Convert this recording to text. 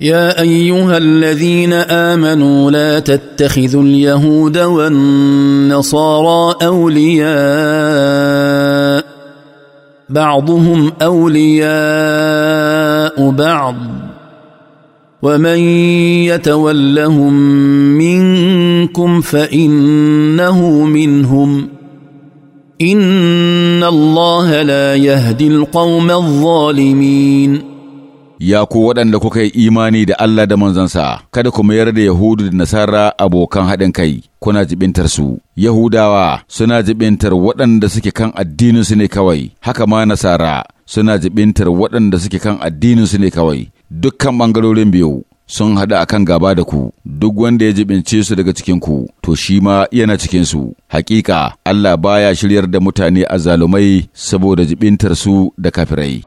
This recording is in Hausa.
يا ايها الذين امنوا لا تتخذوا اليهود والنصارى اولياء بعضهم اولياء بعض ومن يتولهم منكم فانه منهم ان الله لا يهدي القوم الظالمين ya ku waɗanda kuka yi imani da Allah da manzansa, kada ku mayar da Yahudu da Nasara abokan haɗin kai, kuna jibintar su. Yahudawa suna jibintar waɗanda suke kan addininsu ne kawai, haka ma Nasara suna jibintar waɗanda suke kan addininsu ne kawai, dukkan ɓangarorin biyu. Sun haɗu a kan gaba da ku, duk wanda ya jibince su daga cikinku, to shi ma yana cikinsu. Hakika, Allah baya shiryar da mutane a zalumai saboda jibintar su da kafirai.